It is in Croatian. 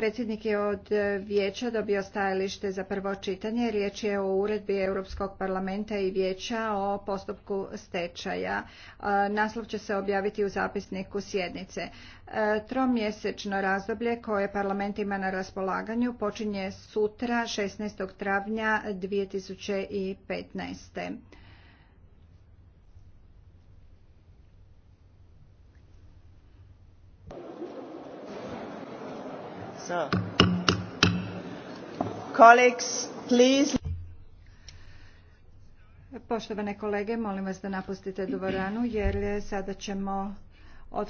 Predsjednik je od e, vijeća dobio stajalište za prvo čitanje. Riječ je o uredbi Europskog parlamenta i vijeća o postupku stečaja. E, naslov će se objaviti u zapisniku sjednice. E, tromjesečno razdoblje koje parlament ima na raspolaganju počinje sutra 16. travnja 2015. Poštovane kolege, molim vas da napustite dvoranu jer sada ćemo otvoriti